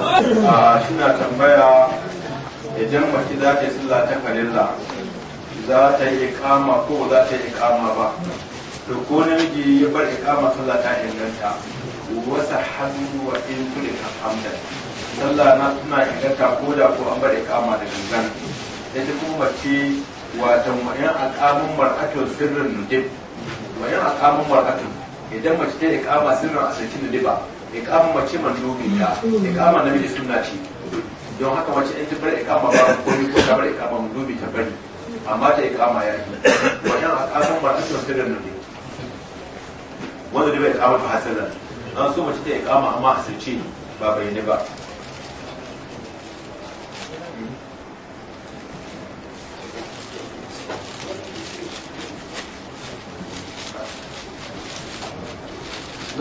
shi na tambaya idan mace za ta yi sallah ta farilla za ta yi ikama ko za ta yi ikama ba to ko namiji ya bar ikama sallah ta inganta wasa hannu wa in tulika hamdan sallah na suna inganta ko da ko an bar ikama da gangan ita kuma mace watan wa'in akamun mar'atun sirrin nudib wa'in akamun mar'atun idan mace ta sirra a sarki da ba ikama mace mandubi ta na miji sunna ce don haka mace in ta bar ikama ba ko ni ko ta bar iqama dubi ta bari amma ta ikama ya yi wannan kasan ba ta sirran nabi wanda da bai iqama ta hasirran an so mace ta ikama amma a sarki ba ne ba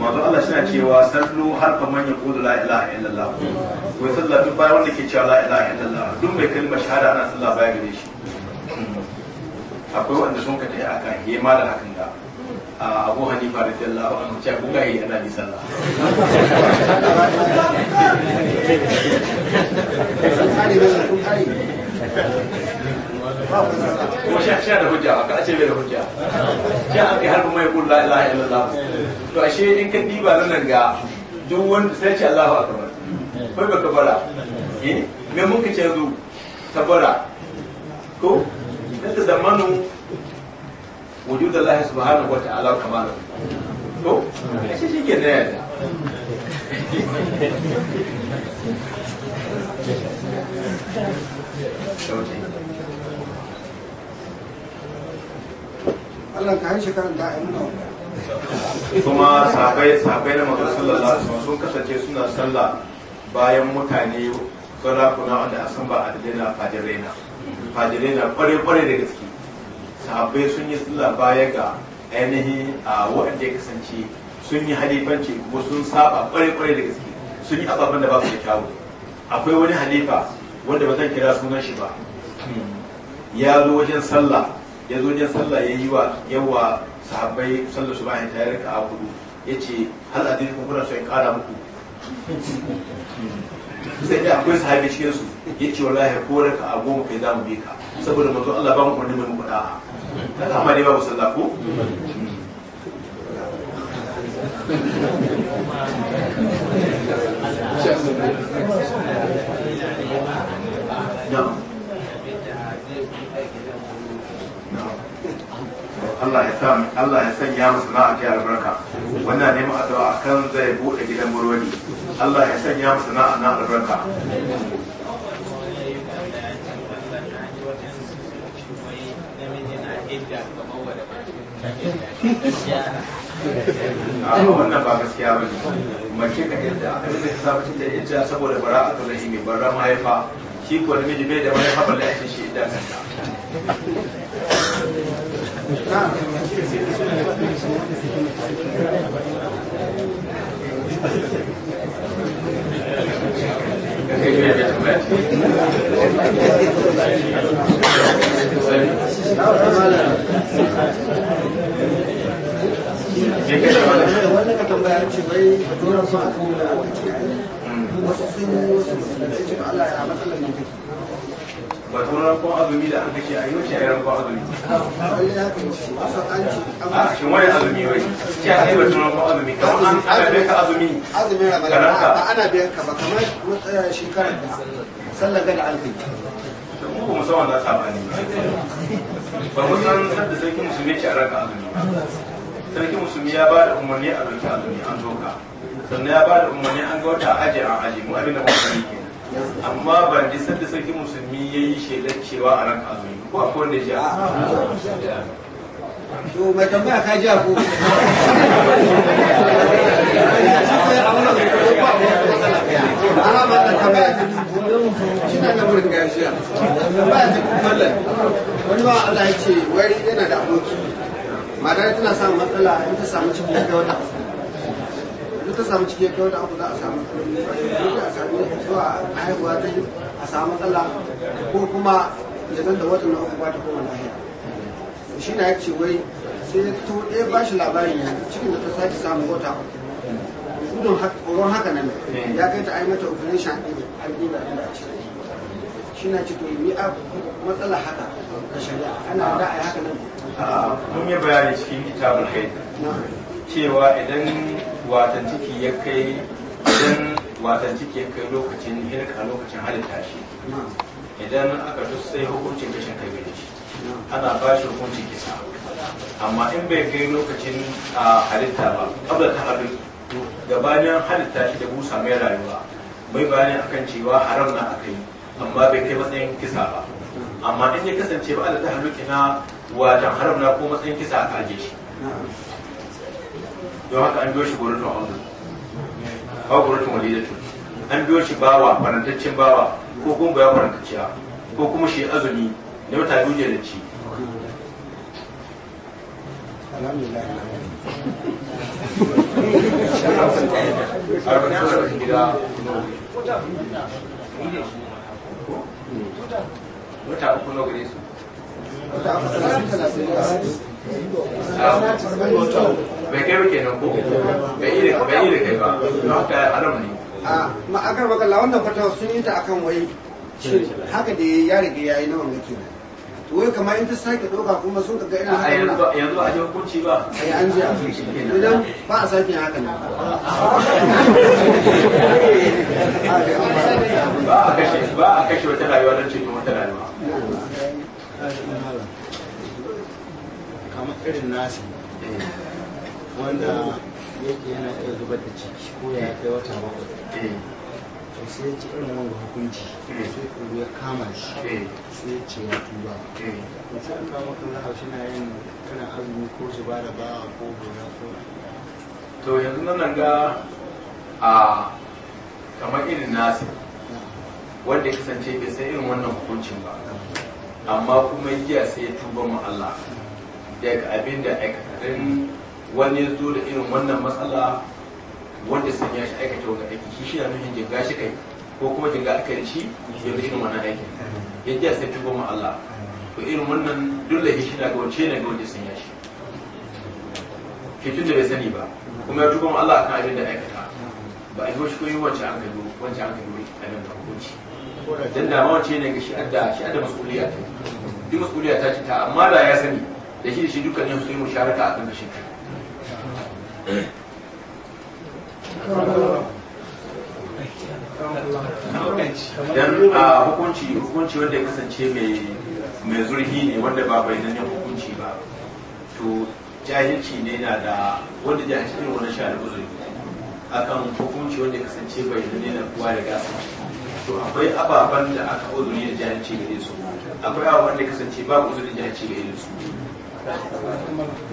manzo Allah shi cewa sallu har kaman ya kula la ilaha illallah ko sallah duk bayan wanda ke cewa la ilaha illallah duk mai kalmar shahada ana sallah baya gare shi akwai wanda sun kace aka ma da hakan da Abu Hanifa wa an ce kuka yi ana bi sallah kuma shi da hujja ba ka ce bai da hujja shi an kai kuma ya kula la ilaha illallah to ashe in ka diba nan ga ah, duk wanda sai ce Allahu akbar kai baka bara eh me mun ka ce yanzu tabara ko da ko shi Thank you. Allah ka harshe karanta a kuma sabai sabai na magar sallallahu alaihi sun kasance suna sallah bayan mutane kuna wanda a san ba adalai na fajirai na fajirai na kware-kware da gaske sahabbai sun yi sallah baya ga ainihin a waɗanda ya kasance sun yi halifanci kuma sun saba kware-kware da gaske sun yi ababen da ba su da kyawu akwai wani halifa wanda ba zan kira sunan shi ba ya zo wajen sallah ya zo ya sallah ya yi wa yawa sahabbai sallar su bayan tayar ka a ya ce hal a dirkun kuna so in kara muku sai ya akwai sahabi cikin su ya ce wallahi ko raka a goma kai zamu bi ka saboda mutum Allah ba mu kwanne mai muku da'a ta kama ba mu sallah ko Yeah. Allah ya sa Allah ya sanya musu na albarka wannan neman addu'a kan zai bude gidan burodi Allah ya sanya musu na na albarka a wannan ba gaskiya ba ne mace ka yadda aka rufe sabacin da ita saboda bara a barra mahaifa shi ko namiji bai da mahaifa balle a shi idda kanta نعم wannan tambaya ce bai dora sa ko wasu sun wasu da ce Allah ya matsalar nan ba tun azumi da an kashe a yi wace azumi a shi wani azumi wai ce a yi batun kuma azumi kamar an ana ka azumi azumi ba ana ka ba kamar shekarar da sallar gada alfi ba mu san sadda sarki a ranka ya ba da umarni a ranka azumi an ka sannan ya ba da umarni an ga wata aji an aji mu abin da mu amma ba jisar da sarki musulmi ya yi shaidar cewa a ranka azumi ko a kowanne ji a ah. to mai tambaya ka ji ko wani ba Allah ya ce wari yana da aboki ma tana samun matsala in ta samu cikin wata samu ciki ya wata abu za a samu kalli a sami zuwa haihuwa ta yi a samu matsala ko kuma ya zanta watan na uku ba shi na ya ce wai sai ya fito ɗaya eh, ba shi labarin ya cikin da ta sake samu wata gudun horon haka nan ya kai ta aimata operation an ɗiba a ciki shi na ce to yi a matsala haka ga shari'a ana da a yi haka nan ah, mun yi bayani cikin kitabul kai cewa idan watan ciki ya kai idan watan ciki ya kai lokacin hirka lokacin halitta shi idan aka duk sai hukuncin kashin kai gare shi ana ba shi hukuncin kisa amma in bai kai lokacin a halitta ba kabla ta haɗu gabanin halitta shi da busa mai rayuwa bai bayanin akan cewa haram na yi amma bai kai matsayin kisa ba amma in ya kasance ba ta haɗu kina wajen haram na ko matsayin kisa a kaje shi don haka an biyo shi gurin tun hamdu ba gurin tun da tun an biyo shi bawa farantaccen bawa ko kuma baya farantacciya ko kuma shi azumi da wata biyu da ci wata uku na gare su wata uku na gare su bai kai wake nan ko bai yi da kai ba don haka haram ne ma akar baka la wannan fatawa sun yi ta akan wai haka da ya riga yayi na wannan kenan wai kamar in ta sake ɗauka kuma sun kaga ina haka yanzu yanzu a ji hukunci ba ai an ji a idan ba a sake haka ne ba a kashe ba a kashe wata rayuwa don cikin wata rayuwa kamar irin nasi wanda yake yana iya zubar da ciki ko ya kai wata bakwai eh. to sai ya ci irin wanga hukunci eh. sai kuru ya kama shi eh. sai ya ce ya tuba to sai an kama kan lahar shi na yin kana azumi ko su ba da bawa ko gona ko to yanzu nan ga a kamar irin nasi wanda ya kasance bai san irin wannan hukuncin ba amma kuma giya sai ya tuba ma Allah daga abin da aikatarin wani ya zo da irin wannan matsala wanda sun ya shi aikata wani aiki shi shi na nufin jinga shi kai ko kuma jinga aka yi shi ya bi irin wannan aikin yadda ya sai tuba ma Allah to irin wannan dole shi na ga wace na ga wanda sun ya shi fitin da bai sani ba kuma ya tuba ma Allah akan abin da aikata ba a yi wasu koyi wancan an kai wancan an kai abin da hukunci dan da ma wacce ne ga shi adda shi adda mas'uliyya ta duk mas'uliyya ta ce ta amma da ya sani da shi da shi dukkanin su yi musharaka a da shi kai dan a hukunci hukunci wanda ya kasance mai mai zurfi ne wanda ba bai nan hukunci ba to jahilci ne na da wanda jahilci ne wani sha da uzuri akan hukunci wanda ya kasance bai nan na kowa da gasa to akwai ababen da aka uzuri da jahilci gare su akwai ababen da kasance ba uzuri da jahilci gare su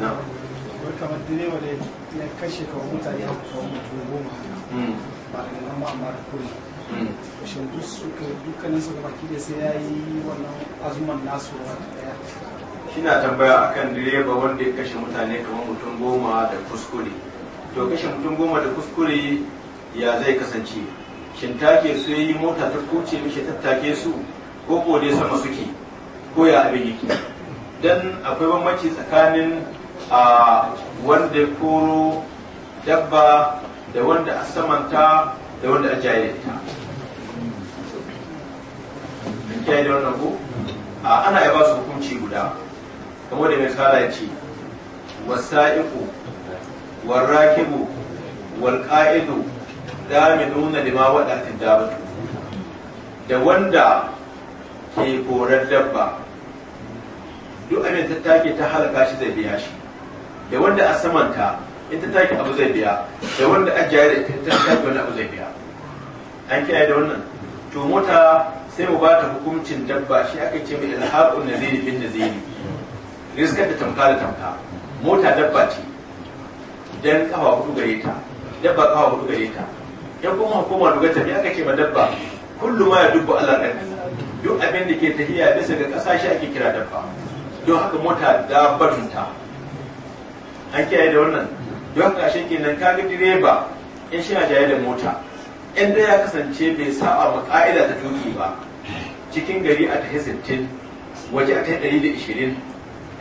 na kamar direba da na kashe kawai mutane a kawai mutum goma hmm. ba da nan ba amma da kullum hmm. shin duk suka dukkanin suka baki da sai ya yi wannan azuman nasu wata daya shina tambaya akan direba wanda ya kashe mutane kamar mutum goma da kuskure to kashe mutum goma da kuskure ya zai kasance shin take su yi mota ta kuce mishi tattake su ko ko dai sama suke ko ya abin yake dan akwai bambanci tsakanin a wanda ya koro dabba da wanda a samanta da wanda a jayayyarta kiyaye da wannan ko a ana ya ba su hukunci guda kamar da mai tsara ya ce wasa'iku warrakibu walƙa'idu nuna lima waɗatin dabatu da wanda ke koran dabba duk abin ta take ta halaka shi zai biya shi da wanda a samanta in ta taki abu zai biya da wanda a jayar da ta taki wani abu zai biya an kiyaye da wannan to mota sai mu ba ta hukuncin dabba shi aka ce mai ilhaqun naziri bin naziri riskar da tamka da tamka mota dabba ce dan kafa hudu gare ta dabba kafa hudu gare ta yan kuma hukuma duga ta aka ce ma dabba kullu ma ya dubbu Allah kan duk abin da ke tafiya bisa ga kasashe ake kira dabba don haka mota dabbatun ta an kiyaye da wannan don ƙarshe kenan ga direba in shi na jaye da mota in da ya kasance bai saba ma ka'ida ta tuki ba cikin gari a ta sittin waje a ta ɗari da ishirin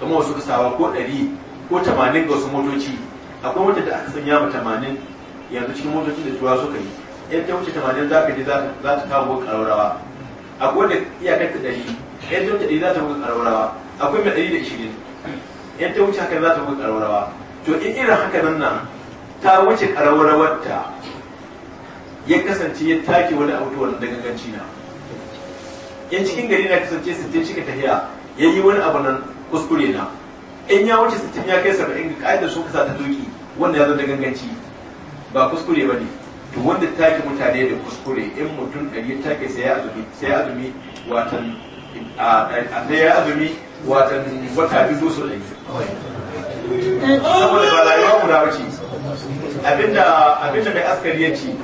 kuma wasu kasawa ko ɗari ko tamanin ga wasu motoci akwai wata da aka sanya ma tamanin yanzu cikin motoci da tuwa suka yi in ta wuce tamanin za ka je za ta kawo ƙararrawa akwai wanda iyakar ta ɗari in ta wuce ɗari za ta kawo ƙararrawa akwai mai ɗari da ishirin in ta wuce haka za ta buga ƙararrawa to in irin haka nan nan ta wuce ƙararrawarta ya kasance ya take wani abu da wannan danganci na in cikin gari na kasance sittin shi ka tafiya ya yi wani abu nan kuskure na in ya wuce sittin ya kai saba'in ga ƙa'idar sun kasa ta doki wanda ya zo danganci ba kuskure ba ne to wanda take mutane da kuskure in mutum ɗari take sai ya azumi sai ya azumi watan a ɗaya azumi watan wata biyu su ne saboda ba rayuwa guda bace abinda abinda mai askari ya ce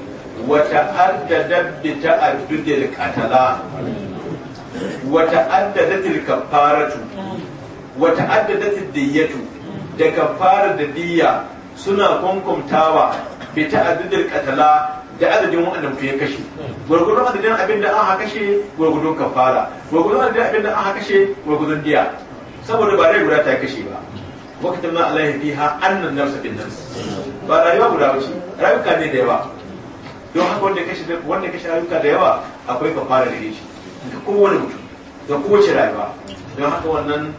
wata adda addada bi ta'addudil qatala wata addadatil kafaratu wata addadatil diyyatu da kafara da diyya suna kwankwamtawa bi ta'addudil qatala da adadin wanda mutum ya kashe gwargwadon adadin abin da aka kashe gwargwadon kafara gwargwadon adadin abin da aka kashe gwargwadon diya saboda ba rai guda ta kashe ba wakati ma ha an annan nafsa bin nafs ba rayuwa guda ba ce rayuka ne da yawa don haka wanda kashe wanda kashe rayuka da yawa akwai kafara da shi ga kowane mutum ga kowace rayuwa don haka wannan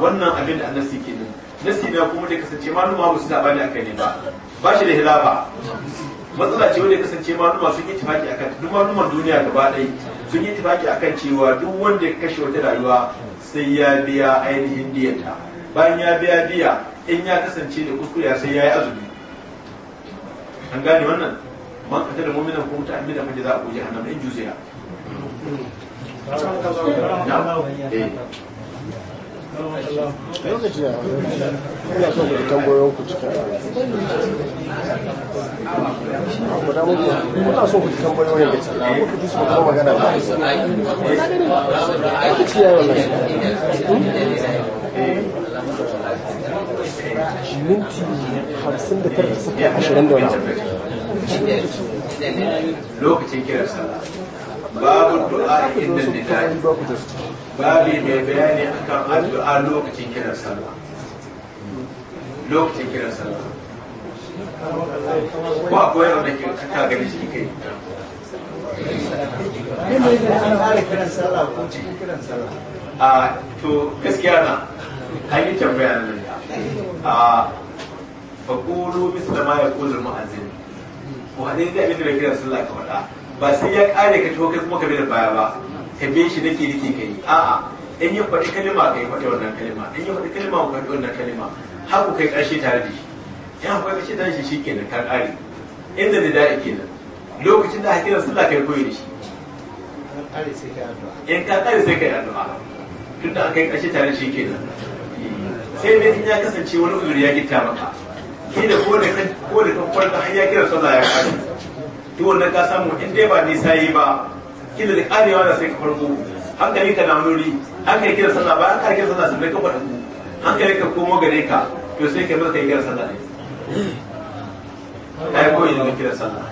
wannan abin da annasi kenan nasi na kuma da kasance numa ba su ne akai ne ba ba shi da hilaba matsala ce wanda ya kasance maluma sun yi a kan duk maluman duniya gaba ɗaya sun yi a kan cewa duk wanda ya kashe wata rayuwa sai ya biya ainihin diyata bayan ya biya diya in ya kasance da kuskure sai ya yi azumi an gane wannan man kata da mu'minan ko muta amida fa jazaa'u hannun in juziya lokaci ya ina so ku tambayoyin ku cikin ku da muku so ku tambayoyin da cikin ku ji su kuma magana ba lokaci ya wannan minti hamsin da tara suka ashirin da wani lokacin kiran sallah babu du'a inda nida'i babi mai bayani akan addu'a lokacin kiran sallah lokacin kiran sallah ba akwai yau da ke kaka gani shi kai a to gaskiya na an yi tambaya nan a faƙulu misali ma ya ƙulu ma'azin ko hadin da abin da bai kiran sallah ka faɗa ba sai ya ƙare ka to kai kuma ka bi da baya ba ka shi nake nake kai a'a in ya faɗi kalima kai faɗi wannan kalima in ya faɗi kalima ka faɗi wannan kalima har ku kai ƙarshe tare da shi in akwai ƙarshe tare da shi kenan ka ƙare inda da da'i kenan lokacin da hakira sallah kai koyi da shi in ka ƙare sai kai addu'a tun da aka yi ƙarshe tare da shi kenan sai dai in ya kasance wani uzuri ya gitta maka shi da ko da ko da kan farka har ya kira sallah ya ƙare to wannan ka samu in dai ba nisa yi ba kila da karewa da sai ka farko hankali ka na nuri hankali kira sallah ba hankali kira sallah sai ka farko hankali ka komo gare ka to sai ka bar kai kira sallah ne kai koyi da kira sallah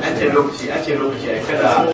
a ce lokaci a ce lokaci a kada